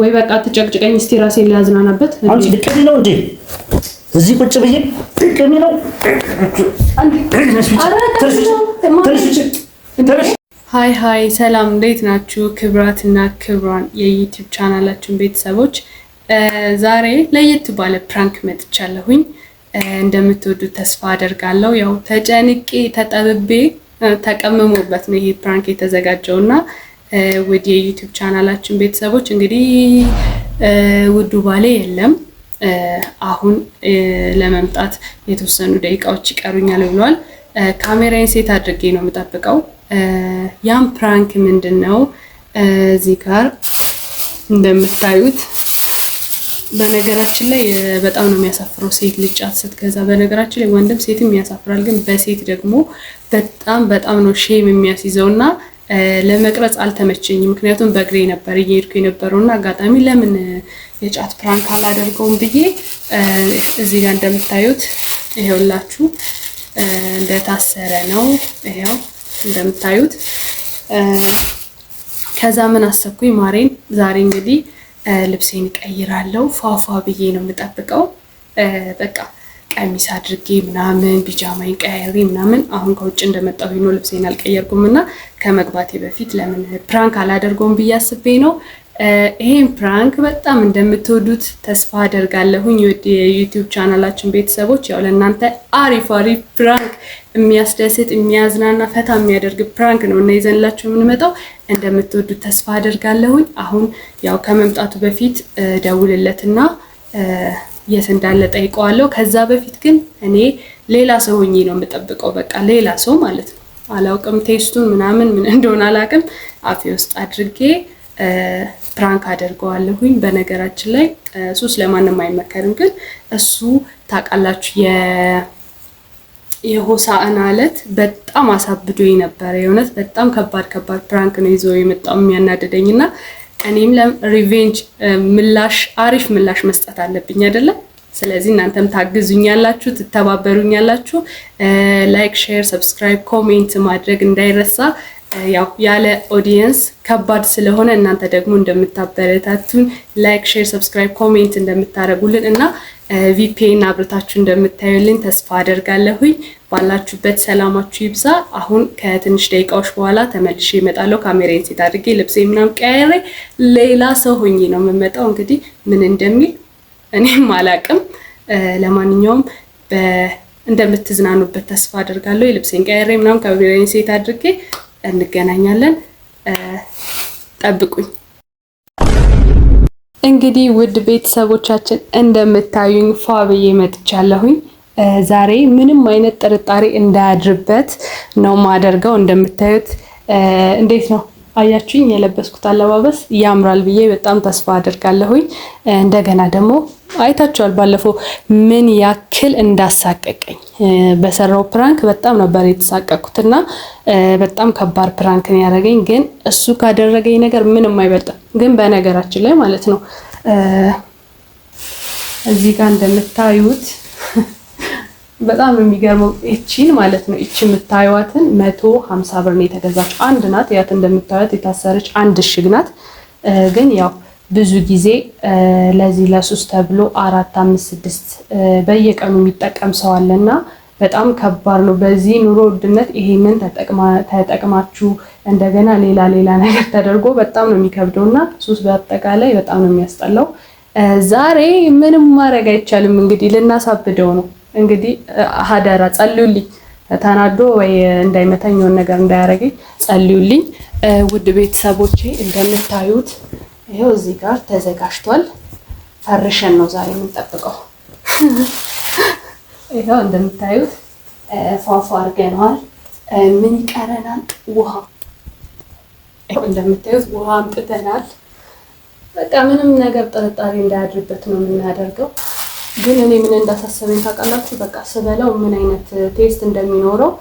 ወይ? በቃ ትጨቅጭቀኝ እስቲ ራሴን ሊያዝናናበት። አንቺ ብቅ ነው እንዴ? እዚህ ቁጭ ብዬ ብቅ ነው። ሀይ ሀይ፣ ሰላም እንዴት ናችሁ? ክብራትና ክብሯን የዩቲዩብ ቻናላችን ቤተሰቦች ዛሬ ለየት ባለ ፕራንክ መጥቻለሁኝ። እንደምትወዱት ተስፋ አደርጋለሁ። ያው ተጨንቄ ተጠብቤ ተቀምሞበት ነው ይሄ ፕራንክ የተዘጋጀውና ውድ የዩቲዩብ ቻናላችን ቤተሰቦች እንግዲህ ውዱ ባሌ የለም አሁን ለመምጣት የተወሰኑ ደቂቃዎች ይቀሩኛል ብሏል። ካሜራዬን ሴት አድርጌ ነው የምጠብቀው። ያም ፕራንክ ምንድን ነው? እዚህ ጋር እንደምታዩት በነገራችን ላይ በጣም ነው የሚያሳፍረው ሴት ልጫት ስትገዛ። በነገራችን ላይ ወንድም ሴትም ያሳፍራል፣ ግን በሴት ደግሞ በጣም በጣም ነው ሼም የሚያስይዘው እና። ለመቅረጽ አልተመቸኝ። ምክንያቱም በእግሬ ነበር እየሄድኩ የነበረው እና አጋጣሚ ለምን የጫት ፕራንክ አላደርገውም ብዬ እዚህ ጋር እንደምታዩት ይሄውላችሁ እንደታሰረ ነው። ይሄው እንደምታዩት። ከዛ ምን አሰብኩኝ ማሬን፣ ዛሬ እንግዲህ ልብሴን እቀይራለሁ ፏፏ ብዬ ነው የምጠብቀው በቃ ቀሚስ አድርጌ ምናምን ቢጃማይ ቀያሪ ምናምን አሁን ከውጭ እንደመጣሁ ነው ልብሴን አልቀየርኩም እና ከመግባቴ በፊት ለምን ፕራንክ አላደርገውም ብዬ አስቤ ነው። ይሄን ፕራንክ በጣም እንደምትወዱት ተስፋ አደርጋለሁኝ። የዩቲዩብ ቻናላችን ቤተሰቦች ያው ለእናንተ አሪፍ አሪፍ ፕራንክ የሚያስደስት የሚያዝናና ፈታ የሚያደርግ ፕራንክ ነው እና ይዘንላችሁ የምንመጣው እንደምትወዱት ተስፋ አደርጋለሁኝ። አሁን ያው ከመምጣቱ በፊት ደውልለትና የት እንዳለ ጠይቀዋለሁ። ከዛ በፊት ግን እኔ ሌላ ሰው ሆኜ ነው የምጠብቀው። በቃ ሌላ ሰው ማለት ነው። አላውቅም ቴስቱን ምናምን ምን እንደሆነ አላውቅም። አፌ ውስጥ አድርጌ ፕራንክ አደርገዋለሁኝ። በነገራችን ላይ ሱስ ለማንም አይመከርም፣ ግን እሱ ታውቃላችሁ የሆሳዕና ዕለት በጣም አሳብዶ የነበረ የእውነት በጣም ከባድ ከባድ ፕራንክ ነው ይዞ የመጣው የሚያናደደኝ እና እኔም ለሪቬንጅ ምላሽ አሪፍ ምላሽ መስጠት አለብኝ አይደለም። ስለዚህ እናንተም ታግዙኛላችሁ፣ ትተባበሩኛላችሁ። ላይክ፣ ሼር፣ ሰብስክራይብ፣ ኮሜንት ማድረግ እንዳይረሳ። ያው ያለ ኦዲየንስ ከባድ ስለሆነ እናንተ ደግሞ እንደምታበረታቱን ላይክ፣ ሼር፣ ሰብስክራይብ፣ ኮሜንት እንደምታደርጉልን እና ቪፒኤን አብርታችሁ እንደምታዩልኝ ተስፋ አደርጋለሁኝ። ባላችሁበት ሰላማችሁ ይብዛ። አሁን ከትንሽ ደቂቃዎች በኋላ ተመልሼ እመጣለሁ። ካሜራዬን ሴት አድርጌ ልብሴ ምናምን ቀያሬ ሌላ ሰው ሆኜ ነው የምመጣው። እንግዲህ ምን እንደሚል እኔም አላቅም። ለማንኛውም እንደምትዝናኑበት ተስፋ አደርጋለሁ። የልብሴን ቀያሬ ምናምን ካሜራዬን ሴት አድርጌ እንገናኛለን። ጠብቁኝ። እንግዲህ ውድ ቤተሰቦቻችን እንደምታዩኝ ፏ ብዬ መጥቻለሁኝ። ዛሬ ምንም አይነት ጥርጣሬ እንዳያድርበት ነው ማደርገው። እንደምታዩት እንዴት ነው አያችሁኝ? የለበስኩት አለባበስ ያምራል ብዬ በጣም ተስፋ አደርጋለሁኝ። እንደገና ደግሞ አይታችኋል። ባለፈው ምን ያክል እንዳሳቀቀኝ በሰራው ፕራንክ በጣም ነበር የተሳቀኩትና በጣም ከባድ ፕራንክን ያደረገኝ ግን እሱ ካደረገኝ ነገር ምንም አይበልጥም። ግን በነገራችን ላይ ማለት ነው እዚህ ጋር እንደምታዩት በጣም የሚገርመው እቺን ማለት ነው እቺ የምታዩዋትን መቶ ሀምሳ ብር ነው የተገዛችው። አንድ ናት ያት እንደምታዩት የታሰረች አንድ እሽግ ናት ግን ያው ብዙ ጊዜ ለዚህ ለሱስ ተብሎ አራት አምስት ስድስት በየቀኑ የሚጠቀም ሰው አለና በጣም ከባድ ነው። በዚህ ኑሮ ውድነት ይሄንን ተጠቅማችሁ እንደገና ሌላ ሌላ ነገር ተደርጎ በጣም ነው የሚከብደው እና ሱስ በአጠቃላይ በጣም ነው የሚያስጠላው። ዛሬ ምንም ማድረግ አይቻልም። እንግዲህ ልናሳብደው ነው። እንግዲህ ሀደራ ጸልዩልኝ። ተናዶ ወይ እንዳይመታኝ የሆነ ነገር እንዳያደርገኝ ጸልዩልኝ። ውድ ቤተሰቦቼ እንደምታዩት ይሄው እዚህ ጋር ተዘጋጅቷል። ፈርሸን ነው ዛሬ የምንጠብቀው። ይሄው እንደምታዩት ፏፏ አድርገነዋል። ምን ይቀረናል? ውሃ እንደምታዩት ውሃ አምጥተናል። በቃ ምንም ነገር ጥርጣሬ እንዳያድርበት ነው የምናደርገው። ግን እኔ ምን እንዳሳሰበኝ ታውቃላችሁ? በቃ ስበላው ምን አይነት ቴስት እንደሚኖረው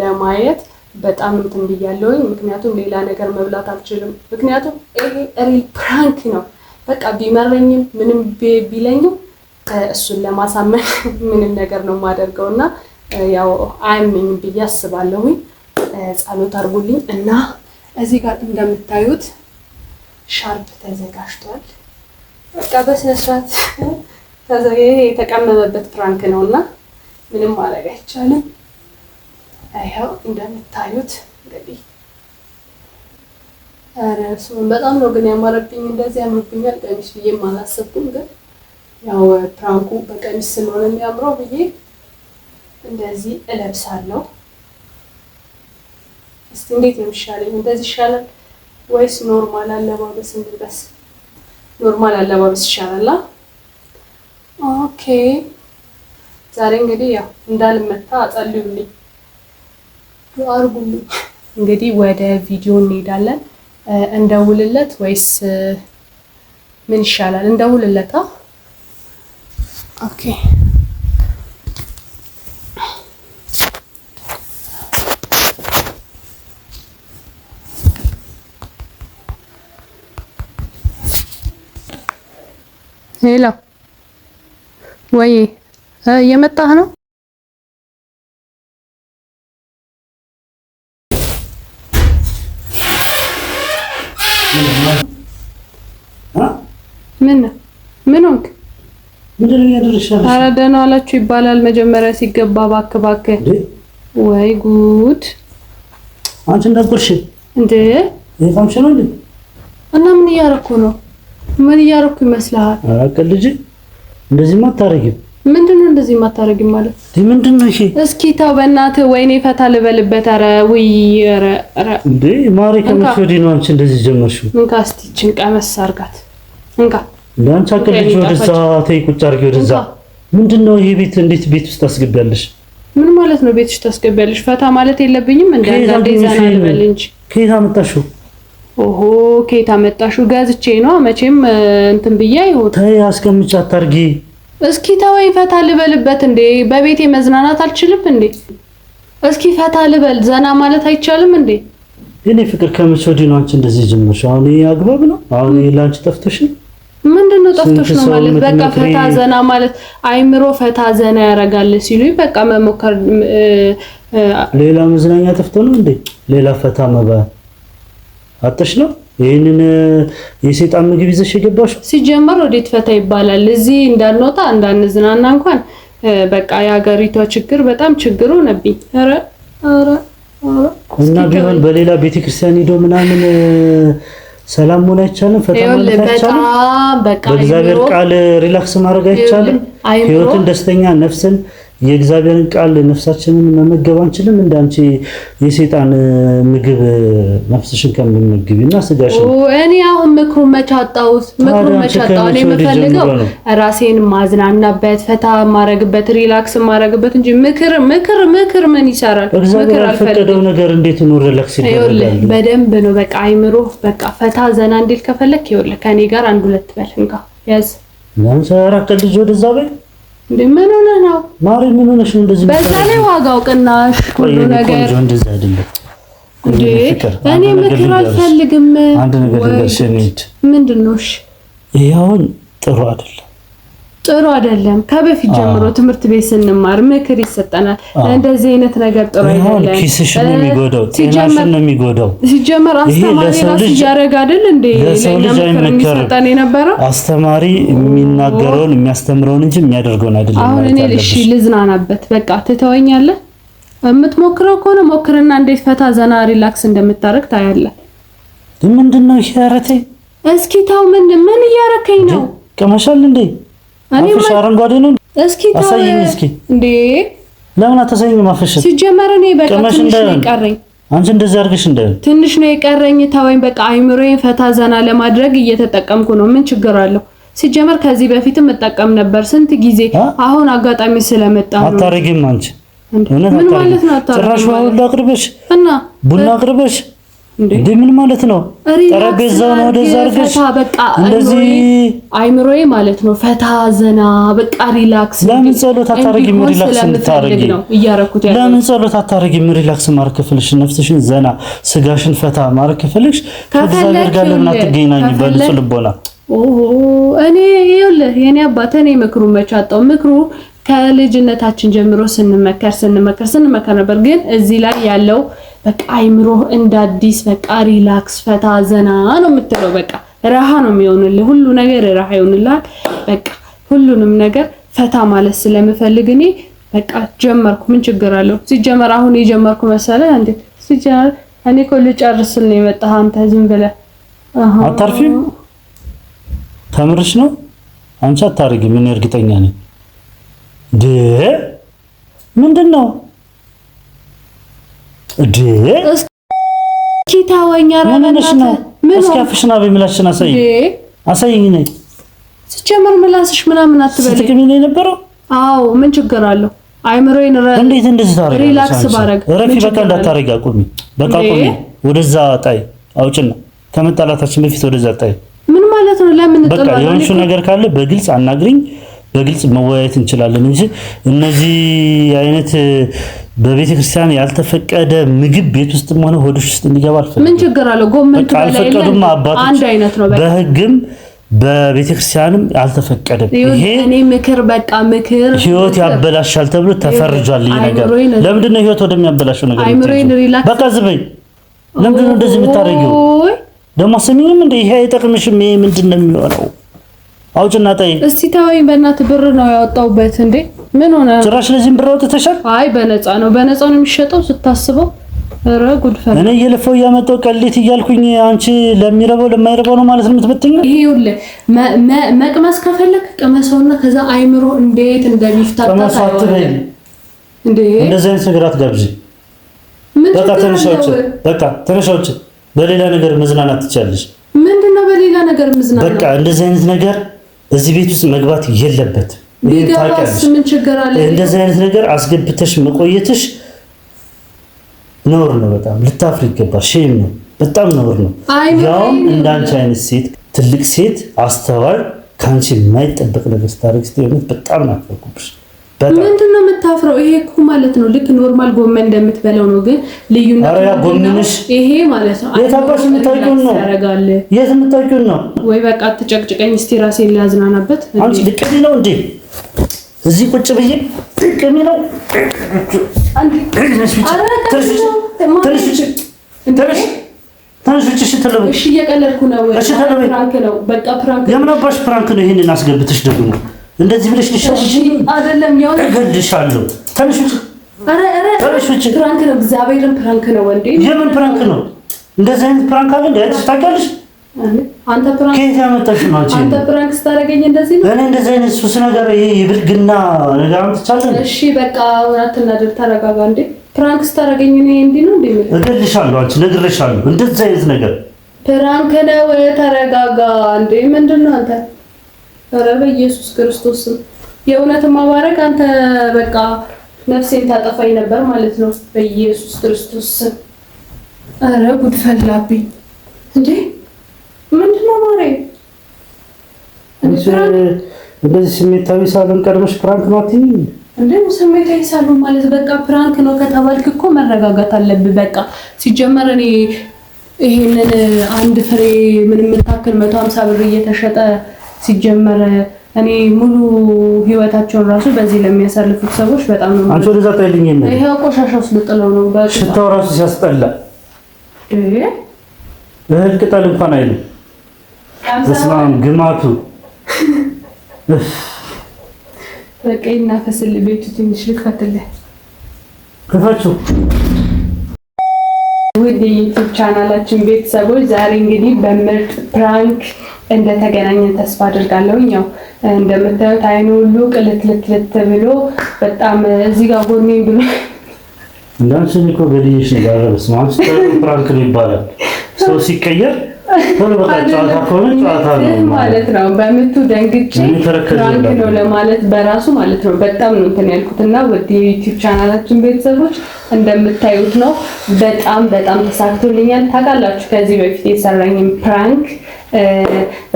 ለማየት በጣም እንትን ብያለሁኝ። ምክንያቱም ሌላ ነገር መብላት አልችልም። ምክንያቱም ይሄ ሪል ፕራንክ ነው። በቃ ቢመረኝም ምንም ቢለኝም እሱን ለማሳመን ምንም ነገር ነው የማደርገው እና ያው አያመኝም ብዬ አስባለሁኝ። ጸሎት አድርጉልኝ እና እዚህ ጋር እንደምታዩት ሻርፕ ተዘጋጅቷል። በቃ በስነስርዓት ይሄ የተቀመመበት ፕራንክ ነው እና ምንም ማድረግ አይቻልም። ይኸው እንደምታዩት እንግዲህ እሱን በጣም ነው ግን ያማረብኝ። እንደዚህ ያምርብኛል ቀሚስ ብዬ አላሰብኩም፣ ግን ያው ፕራንኩ በቀሚስ ስለሆነ የሚያምረው ብዬ እንደዚህ እለብሳለሁ። እስቲ እንዴት ነው የሚሻለኝ? እንደዚህ ይሻላል ወይስ ኖርማል አለባበስ እንልበስ? ኖርማል አለባበስ ይሻላል። ኦኬ ዛሬ እንግዲህ ያው እንዳልመታ አጸልዩልኝ። እንግዲህ ወደ ቪዲዮ እንሄዳለን። እንደውልለት ወይስ ምን ይሻላል? እንደውልለታ። ኦኬ ሄሎ ወይ፣ እየመጣህ ነው? ምን ምን ሆንክ? ኧረ ደህና ዋላችሁ ይባላል መጀመሪያ ሲገባ። እባክህ እባክህ። ወይ ጉድ! አንቺ እንዳቆርሽ እንዴ? የታምሽ ነው እንዴ? እና ምን እያደረኩ ነው? ምን እያደረኩ ይመስልሃል? አቀ ልጅ እንደዚህ ማታረጊም። ምንድን ነው እንደዚህ ማታረጊም ማለት ምንድን ነው? እሺ እስኪ ተው በእናትህ። ወይኔ ፈታ ልበልበት። ኧረ ውይ! ኧረ እንዴ ማሪ ከመቼ ወዲህ ነው አንቺ እንደዚህ ጀመርሽው? እንካ እስቲ ይህችን ቀመስ አድርጋት። ለአንቺ አቅልጅ ወደዛ ተይ፣ ቁጭ አድርጊ ወደዛ። ምንድነው ይሄ ቤት? እንዴት ቤት ውስጥ ታስገቢያለሽ? ምን ማለት ነው ቤት ውስጥ ታስገቢያለሽ? ፈታ ማለት የለብኝም እንዴ? አንዳንዴ ዛና ልበል እንጂ። ከየት አመጣሽው? ኦሆ ከየት አመጣሽው? ገዝቼ ነው መቼም እንትን ብዬ ይሁን። ተይ፣ አስቀምጫ አታርጊ። እስኪ ተወይ፣ ፈታ ልበልበት እንዴ። በቤቴ መዝናናት አልችልም እንዴ? እስኪ ፈታ ልበል፣ ዘና ማለት አይቻልም እንዴ? እኔ ፍቅር ከመቼ ወዲህ ነው አንቺ እንደዚህ ጀመርሽ? አሁን ይሄ አግባብ ነው? አሁን ይሄ ላንቺ ጠፍቶሽ ነው? ምንድን ነው ጠፍቶሽ ነው ማለት በቃ ፈታ ዘና ማለት አይምሮ ፈታ ዘና ያደርጋል ሲሉ በቃ መሞከር። ሌላ መዝናኛ ጠፍቶ ነው እንዴ? ሌላ ፈታ መባ አጥተሽ ነው። ይህንን የሰይጣን ምግብ ይዘሽ የገባሽ ሲጀመር ወዴት ፈታ ይባላል? እዚህ እንዳንወጣ እንዳንዝናና እንኳን በቃ የሀገሪቷ ችግር በጣም ችግሩ ነብኝ። ኧረ ኧረ እና ቢሆን በሌላ ቤተክርስቲያን ሄዶ ምናምን ሰላም መሆን አይቻልም? ፈተና በጣም በቃ በእግዚአብሔር ቃል ሪላክስ ማድረግ አይቻልም? ህይወትን፣ ደስተኛ ነፍስን፣ የእግዚአብሔርን ቃል ነፍሳችንን መመገብ አንችልም። እንዳንቺ የሴጣን ምግብ ነፍስሽን ከምንመግብ እና ስጋሽ እኔ አሁን ምክሩ መቻጣውት ምክሩ መቻጣው እኔ የምፈልገው ራሴን ማዝናናበት፣ ፈታ ማረግበት፣ ሪላክስ ማረግበት እንጂ ምክር ምክር ምክር ምን ይሰራል? ምክር አልፈቀደው ነገር እንዴት ነው ሪላክስ ይደረጋል? በደንብ ነው በቃ አይምሮ በቃ ፈታ ዘና እንዲል ከፈለክ ይወለ ከኔ ጋር አንድ ሁለት በል እንካ ያዝ ምናምን ሳያራከ ልጅ ወደዛ በይ። እንዴ ምን ነው ማሪ? ምን ሆነሽ ነው እንደዚህ? በዛ ላይ ዋጋው ቅናሽ ሁሉ ነገር አይደለም እኔ ምክር አልፈልግም። አንድ ነገር ልንገርሽ። ምንድን ነው? እሺ ይሄ አሁን ጥሩ አይደለም ጥሩ አይደለም። ከበፊት ጀምሮ ትምህርት ቤት ስንማር ምክር ይሰጠናል። እንደዚህ አይነት ነገር ጥሩ አይደለም። ኪስሽን ነው የሚጎዳው፣ ጤናሽን ነው የሚጎዳው። ሲጀመር አስተማሪ ራሱ እያደረገ አይደል እንዴ? ለሰው ልጅ አይመከርም የነበረው አስተማሪ የሚናገረውን የሚያስተምረውን እንጂ የሚያደርገውን አይደለም። አሁን እኔ እሺ ልዝናናበት፣ በቃ ትተወኛለህ። የምትሞክረው ከሆነ ሞክርና እንዴት ፈታ ዘና ሪላክስ እንደምታደርግ ታያለህ። ምንድን ነው ይሄ? ኧረ ተይ እስኪ ተው። ምን ምን እያረከኝ ነው? ቅመሻል እንዴ? አፍሽ አረንጓዴ ነው። እስኪ አሳይኝ። እስኪ እንዴ ለምን አታሳይኝም? አፍሽ ሲጀመር እኔ በቃ ትንሽ ነው የቀረኝ። አንቺ እንደዚህ አድርገሽ እንደ ትንሽ ነው የቀረኝ። ተወኝ በቃ። አይምሮዬን ፈታ ዘና ለማድረግ እየተጠቀምኩ ነው። ምን ችግር አለው? ሲጀመር ከዚህ በፊትም እጠቀም ነበር ስንት ጊዜ። አሁን አጋጣሚ ስለመጣ ነው። አታረጊም አንቺ ምን ማለት ነው? አታረጊም ጭራሽ። አሁን አቅርበሽ እና ቡና አቅርበሽ እንዴ ምን ማለት ነው? ጠረጴዛውን ወደዛ አድርገሽ እንደዚህ አይምሮዬ ማለት ነው ፈታ ዘና በቃ ሪላክስ። ለምን ጸሎት አታረጊም? ሪላክስ እንድታረጊ ለምን ጸሎት አታረጊም? ሪላክስ ማድረግ ነፍስሽን ዘና ስጋሽን ፈታ ማድረግ ከእግዚአብሔር ጋር ለምን አትገናኝ? በንጹህ ልቦና እኔ ይኸውልህ የኔ አባት እኔ ምክሩ መቻጣው ምክሩ ከልጅነታችን ጀምሮ ስንመከር ስንመከር ስንመከር ነበር ግን እዚህ ላይ ያለው በቃ አይምሮህ እንደ አዲስ በቃ ሪላክስ ፈታ ዘና ነው የምትለው። በቃ ረሃ ነው የሚሆንልህ ሁሉ ነገር ረሃ ይሆንልሃል። በቃ ሁሉንም ነገር ፈታ ማለት ስለምፈልግ እኔ በቃ ጀመርኩ። ምን ችግር አለው? ሲጀመር አሁን የጀመርኩ መሰለህ እንዴ? ሲጀመር እኔ እኮ ልጨርስል ነው የመጣህ አንተ ዝም ብለህ አታርፊም። ተምርሽ ነው አንቺ አታርጊም። ምን እርግጠኛ ነኝ። ምንድን ነው እዴ እስኪ ታወኛ ራናሽ ነው። እስኪ ምላስሽ ምናምን አትበል። ነው የነበረው። አዎ ምን ችግር አለው? አይምሮዬን እንዴት እንደዚህ ታደርጊ? ሪላክስ ባረግ ረፊ በቃ እንዳታረጊ። አቁሚ በቃ አቁሚ። ወደዛ ጣይ አውጭና ከመጣላታችን በፊት ወደዛ ጣይ። ምን ማለት ነው? ለምን በቃ የሆንሽው ነገር ካለ በግልጽ አናግሪኝ። በግልጽ መወያየት እንችላለን እንጂ እነዚህ አይነት በቤተ ክርስቲያን ያልተፈቀደ ምግብ ቤት ውስጥም ሆነ ሆድሽ ውስጥ እንዲገባ አልፈቀዱም። ምን ችግር አለው? ጎመን አልፈቀዱም አባቶች። በህግም በቤተ ክርስቲያንም አልተፈቀደም። ይሄ እኔ ምክር በቃ ምክር ህይወት ያበላሻል ተብሎ ተፈርጇል። ይሄ ነገር ለምንድን ነው ህይወት ወደሚያበላሸው ነገር በቃ ዝም በይ። ለምንድን ነው እንደዚህ የምታደርጊው? ደግሞ ስሚኝም እንደ ይሄ አይጠቅምሽም። ይሄ ምንድን ነው የሚሆነው? አውጭና ጠይ። እስቲ ተወኝ። በእናትህ ብር ነው ያወጣውበት እንዴ ምን ሆነ? ጭራሽ ለዚህም ብር አውጥተሻል? አይ በነፃ ነው፣ በነፃ ነው የሚሸጠው ስታስበው። ኧረ ጉድ ፈላ። እኔ እየለፈው እያመጣው ቀሌት እያልኩኝ አንቺ ለሚረበው ለማይረበው ነው ማለት ነው የምትበትኝ። ይኸውልህ መቅመስ ከፈለክ ቅመሰውና ከዛ አይምሮ እንዴት እንደሚፍታታ ታውቃለህ። እንዴ እንደዚህ አይነት ነገር አትጋብዥ። በቃ ተነሻዎች፣ በቃ ተነሻዎች። በሌላ ነገር መዝናናት ትቻለሽ። ምንድነው በሌላ ነገር መዝናናት? በቃ እንደዚህ አይነት ነገር እዚህ ቤት ውስጥ መግባት የለበት እንደዚህ አይነት ነገር አስገብተሽ መቆየትሽ ነውር ነው። በጣም ልታፍር ይገባል። ሼም ነው፣ በጣም ነውር ነው። ያውም እንዳንቺ አይነት ሴት፣ ትልቅ ሴት፣ አስተዋይ ከአንቺ የማይጠበቅ ነገር ስታደርግ ስትሆነት በጣም ናፈርኩብሽ። ምንድን ነው የምታፍረው? ይሄ እኮ ማለት ነው ልክ ኖርማል ጎመን እንደምትበለው ነው። ግን ልዩነት ጎመንሽ ይሄ ማለት ነው። የት አባሽ የምታውቂውን ነው? የት የምታውቂውን ነው? ወይ በቃ አትጨቅጭቀኝ እስቲ ራሴን ላዝናናበት። አንቺ ልቅድ ነው እንዴ? እዚህ ቁጭ ብዬ ጥቅሚ ፕራንክ ነው? ይህንን አስገብተሽ ደግሞ እንደዚህ ብለሽ እገልሻለሁ። ፕራንክ ነው፣ እግዚአብሔርን ፕራንክ ነው። ወንዴ የምን ፕራንክ ነው? እንደዚህ አይነት ፕራንክ አለ ታውቂያለሽ ከየት ያመጣሽ አንተ ፕራንክ ስታደርገኝ እንደዚህ ነው። እኔ እንደዚህ አይነት ሱስ ነገር ይሄ የብልግና ነገር አምጥቻለሁ። እሺ በቃ አትናደድ፣ ተረጋጋ። እንዴ ፕራንክ ስታደርገኝ እኔ እንዲህ ነው እንዴ? እገልሻለሁ፣ አንቺ እነግርሻለሁ። እንደዚህ አይነት ነገር ፕራንክ ነው። ተረጋጋ። እንዴ ምንድን ነው አንተ? ኧረ በኢየሱስ ክርስቶስ የእውነት ማባረክ አንተ በቃ ነፍሴን ታጠፋኝ ነበር ማለት ነው። በኢየሱስ ክርስቶስ ኧረ ጉድ ፈላብኝ እንዴ እንደዚህ ስሜታዊ ሳሎን ቀድመሽ ፕራንክ ነው አትይኝ። እንደው ስሜታዊ ሳሎን ማለት በቃ ፕራንክ ነው ከተባልክ እኮ መረጋጋት አለብህ። በቃ ሲጀመር እኔ ይሄንን አንድ ፍሬ ምን የምታክል መቶ ሀምሳ ብር እየተሸጠ ሲጀመር እኔ ሙሉ ህይወታቸውን ራሱ በዚህ ለሚያሳልፉት ሰዎች በጣም ነው። አንቺ ወደዛ ታይልኝ ነው። ይሄ ቆሻሻ ውስጥ ልጥለው ነው። ሽታው ራሱ ሲያስጠላ እህል ቅጠል እንኳን አይልም። በስመ አብ ግማቱ በቃ ይናፈስል ቤቱ ትንሽ ልክፈትልህ። ክፈችው። ውድ የዩቲዩብ ቻናላችን ቤተሰቦች ዛሬ እንግዲህ በምርጥ ፕራንክ እንደተገናኘን ተስፋ አድርጋለሁ። ያው እንደምታዩት አይኑ ሁሉ ቅልትልትልት ብሎ በጣም እዚህ ጋር ጎኔን ብሎ እንዳንቺ እኮ ገድዬሽ ነው። ፕራንክ ነው ይባላል ሰው ሲቀየር ማለት ነው። በምቱ ደንግጬ ፍራንክ ነው ለማለት በራሱ ማለት ነው በጣም ነው እንትን ያልኩት እና ወዲ ዩቲዩብ ቻናላችን ቤተሰቦች እንደምታዩት ነው። በጣም በጣም ተሳክቶልኛል። ታውቃላችሁ ከዚህ በፊት የሰራኝን ፕራንክ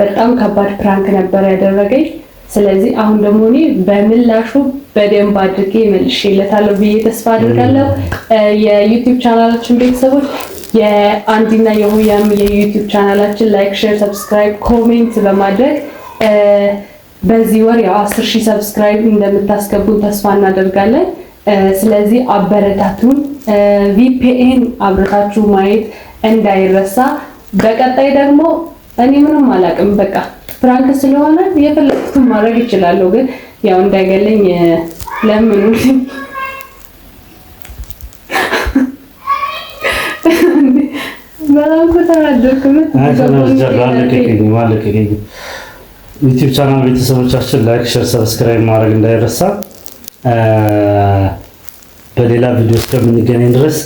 በጣም ከባድ ፕራንክ ነበር ያደረገኝ። ስለዚህ አሁን ደግሞ እኔ በምላሹ በደንብ አድርጌ መልሼለታለሁ ብዬ ተስፋ አድርጋለሁ። የዩቲዩብ ቻናላችን ቤተሰቦች የአንዲና የሁያም የዩቲዩብ ቻናላችን ላይክ፣ ሼር፣ ሰብስክራይብ፣ ኮሜንት በማድረግ በዚህ ወር ያው አስር ሺህ ሰብስክራይብ እንደምታስገቡን ተስፋ እናደርጋለን። ስለዚህ አበረታቱን። ቪፒኤን አብረታችሁ ማየት እንዳይረሳ። በቀጣይ ደግሞ እኔ ምንም አላውቅም፣ በቃ ፍራንክ ስለሆነ የፈለግኩትን ማድረግ ይችላለሁ። ግን ያው እንዳይገለኝ ለምኑልኝ። ዩቲዩብ ቻናል ቤተሰቦቻችን ላይክ፣ ሸር፣ ሰብስክራይብ ማድረግ እንዳይረሳ። በሌላ ቪዲዮ እስከምንገናኝ ድረስ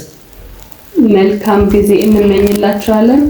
መልካም ጊዜ እንመኝላችኋለን።